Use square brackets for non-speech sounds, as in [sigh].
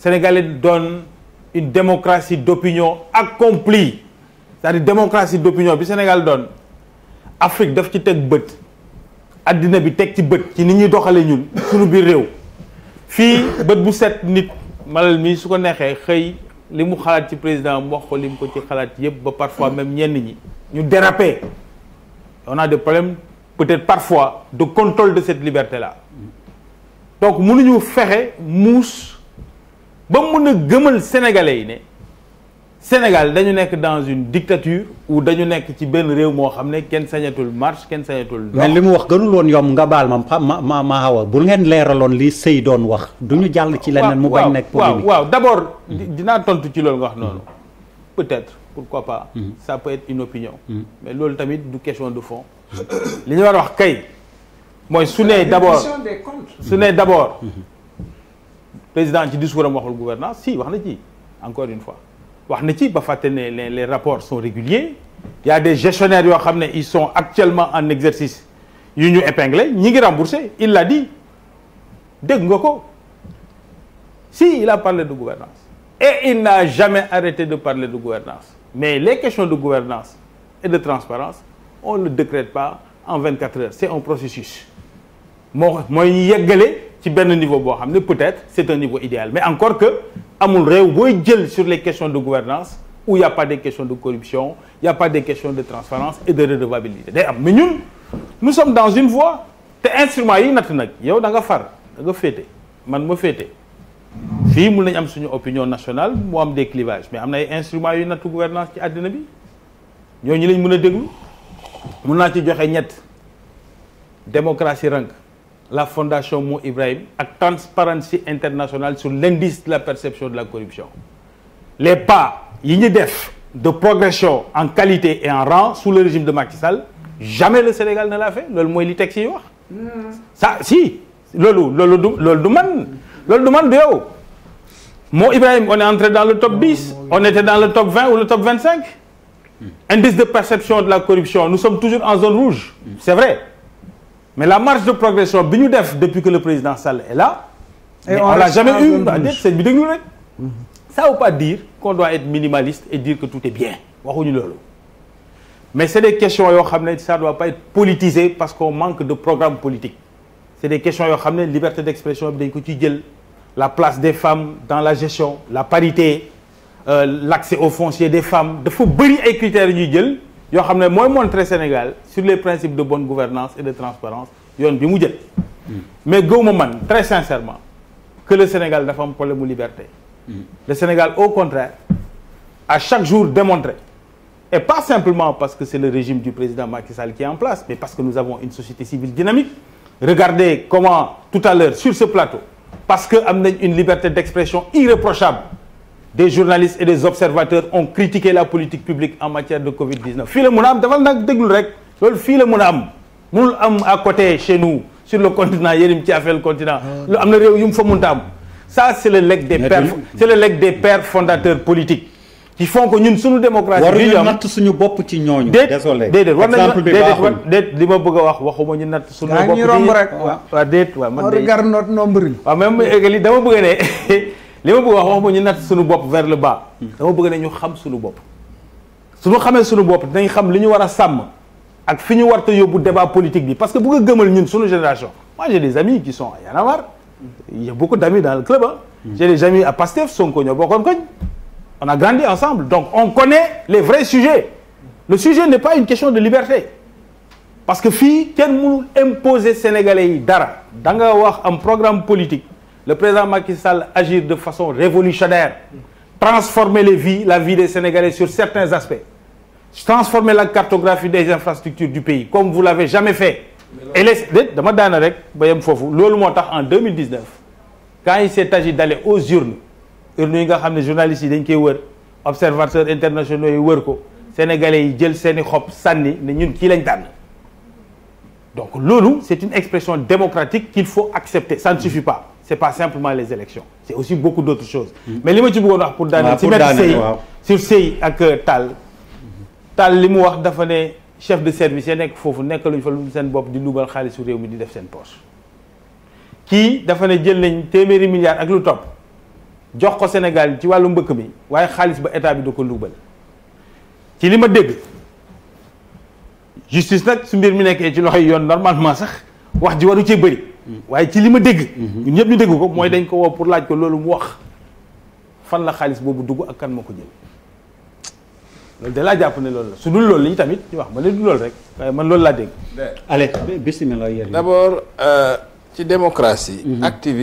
sénégalais doon une démocratie d'opinion accomplie c'est-à-dire démocratie d'opinion bi Sénégal doon Afrique daf ci teg bët addina bi teg ci bët ci ni ñuy doxale ñun suñu biir réew fii bët bu set nit malal mi su ko neexee xëy li mu xalaat ci président mu wax ko li mu ko ci xalaat yëpp ba parfois même ñenn ñi ñu déraper on a de problèmes peut-être parfois de contrôle de cette liberté là donc mënuñu fexe muus ba mën a gëmal sénégalais yi ne Sénégal dañu nekk dans une dictature ou dañu nekk ci benn réew moo xam ne kenn sañatul marche kenn sañatul. mais li mu wax gënul woon yomb nga baal ma ma ma ma bu ngeen leeraloon li sëy doon wax. du ñu jàll ci leneen mu bañ nekk. polémique waaw waaw d' abord. dinaa tontu ci loolu nga wax noonu. peut-être pourquoi pas. Mm-hmm. ça peut une opinion. Mm-hmm. mais loolu tamit du question de fond. li ñu war a wax kay. mooy su nee d' abord su nee d' abord. Mm-hmm. président ci discours am waxul gouvernance si wax na ci encore une fois wax na ci ba fàtte ne les rapports sont réguliers il y a des gestionnaires yoo xam ne ils sont actuellement en exercice yu ñu épinglé ñi ngi remboursé il l'a dit dégg nga ko si il a parlé de gouvernance et il n'a jamais arrêté de parler de gouvernance mais les questions de gouvernance et de transparence on ne le décrète pas en 24 heures c'est un processus moo mooy yeggale ci benn niveau boo xam ne peut-être c'est un niveau idéal mais encore que amul réew booy jël sur les questions de gouvernance où il y a pas des questions de corruption il a pas des questions de transparence et de redevabilité day am mais ñun nous sommes dans une voie te instruments yi natt nag yow da nga far da nga féete man ma féete fii mun nañu am suñu opinion nationale mu am des clivages mais am na ay instruments yu nattu gouvernance ci àddina bi ñooñu lañ mën a déglu mun naa ci joxe ñett démocratie rank la fondation Mo Ibrahim ak Transparency International sur l'indice de la perception de la corruption les pas yi ñu def de progression en qualité et en rang sous le régime de Macky Sall jamais le Sénégal ne l'a fait loolu mooy li teg si wax ça si loolu loolu du loolu du man loolu du man du yow Mo Ibrahim on est entré dans le top 10 on était dans le top 20 ou le top 25 hmm. indice de perception de la corruption nous sommes toujours en zone rouge hmm. c'est vrai mais la marge de progression bi ñu def depuis que le président Sall est là. et on l'a jamais eu déet sëñ bi rek. Mm-hmm. ça veut pas dire qu'on doit être minimaliste et dire que tout est bien waxuñu loolu. mais c'est des questions yoo xam ne ça doit pas être politisé parce qu'on manque de programme politique c'est des questions yoo xam ne liberté d'expression bi dañ ko ciy jël la place des femmes dans la gestion la parité euh, l'accès au foncier des femmes dafa bëri ay critères yu ñuy jël yoo xam ne mooy montré Sénégal sur les principes de bonne gouvernance et de transparence yoon bi mu jël mais gëwuma man très sincèrement que le Sénégal dafa am problème mu liberté le Sénégal au contraire à chaque jour démontré et pas simplement parce que c'est le régime du président Macky Sall qui est en place mais parce que nous avons une société civile dynamique regardez comment tout à l'heure sur ce plateau parce que am nañ une liberté d'expression irréprochable des journalistes et des observateurs ont critiqué la politique publique en matière de covid fii la mën a am dafal nag déglul rek loolu fii la mën a am mënul am à côté chez sur le continent yérim ci affaire le continent lu am na réew yu mu fa mënta am ça c'est le legs des pères fondateurs politiques qui font que ñun suñu démocratie waruñu natt suñu bopp ci ñooñu désolé déedéet war nañu déedéet li ma bëgg a wax waxuma ñu natt suñu bopp ci waaw déet waaw man de waaw même égali [laughs] li ma bëgg wax wax ma ñu natt suñu bopp vers le bas dama bëgg ne ñu xam suñu bopp suñu xamee suñu bopp dinañ xam li ñu war a sàmm ak fi ñu war yo bu débat politique bi parce que bu nga gëmal ñun suñu génération moi j'ai des amis qui sont à Y'en a marre il y a beaucoup d'amis dans le club ah des amis à Pastef Sonko ñoo bokkoon koñ on a grandi ensemble donc on connaît les vrais sujets le sujet n'est pas une question de liberté parce que fii kenn mënul imposer sénégalais yi dara da nga wax am programme politique le président Macky Sall agir de façon révolutionnaire transformer les vies la vie des Sénégalais sur certains aspects transformer la cartographie des infrastructures du pays comme vous l'avez jamais fait et les déet dama daana rek ba yem foofu loolu moo tax en 2019 quand il s'est agi d'aller aux urnes urnes yi nga xam ne journalistes yi dañ koy wër observateurs internationaux yi wër ko sénégalais yi jël seeni xob sànni ne ñun kii lañ tànn donc loolu c'est une expression démocratique qu'il faut accepter ça ne suffit pas c'est pas simplement les élections c'est aussi beaucoup d'autres choses mais li ma ci bëggoon wax pour daaneel si mettre Sey sur ak euh, Tall Tall li mu wax dafa ne chef de service ya nekk foofu nekk luñ fa lu seen bopp di luubal xaalisu réew mi di def seen poche kii dafa ne jël nañ téeméeri milliards ak lu topp jox ko Sénégal ci wàllu mbëkk mi waaye xaalis ba état bi da ko luubal ci li justice nag su mbir mi nekkee ci loxoy yoon normalement sax wax ji waru cee bëri waaye ci li ma dégg ñun ñu dégg ko mooy dañ ko woo pour laaj ko loolu mu wax fan la xaalis boobu dugg ak kan moo ko jël loolu de laa jàpp ne lool la su dul loolu li ñu tamit ñu wax ma ne du loolu rek waaye man loolu laa dégg allez bismillah d'abord euh, ci démocratie mhm. activité